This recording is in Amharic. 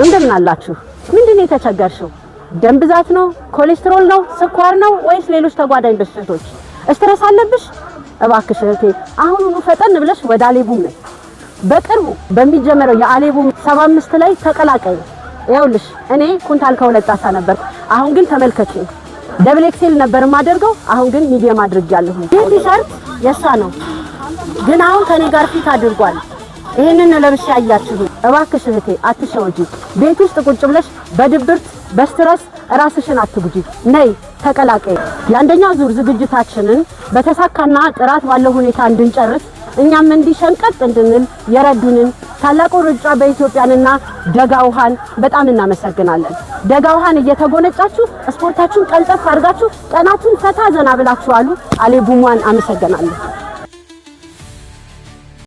እንደምን አላችሁ? ምንድን ነው የተቸገርሽው? ደም ብዛት ነው? ኮሌስትሮል ነው? ስኳር ነው ወይስ ሌሎች ተጓዳኝ በሽታዎች? ስትረስ አለብሽ? እባክሽ እህቴ አሁኑኑ ፈጠን ብለሽ ወደ አሌቡም ነይ። በቅርቡ በሚጀመረው የአሌቡም 75 ላይ ተቀላቀይ። ይኸውልሽ እኔ ኩንታል ከሁለት ጣሳ ነበር። አሁን ግን ተመልከች፣ ደብል ኤክሴል ነበር የማደርገው። አሁን ግን ሚዲየም አድርጌያለሁ። ይህ ቲሸርት የእሷ ነው፣ ግን አሁን ከኔ ጋር ፊት አድርጓል። ይህንን ለብሻ አያችሁ። እባክሽ እህቴ አትሸወጂ። ቤት ውስጥ ቁጭ ብለሽ በድብርት በስትረስ ራስሽን አትጉጂ። ነይ ተቀላቀይ። የአንደኛ ዙር ዝግጅታችንን በተሳካና ጥራት ባለው ሁኔታ እንድንጨርስ እኛም እንዲሸንቀጥ እንድንል የረዱንን ታላቁ ሩጫ በኢትዮጵያንና ደጋ ውሃን በጣም እናመሰግናለን። ደጋ ውሃን እየተጎነጫችሁ ስፖርታችሁን ቀልጠፍ አድርጋችሁ ቀናችሁን ፈታ ዘና ብላችሁ አሉ አሌ ቡሟን አመሰግናለን።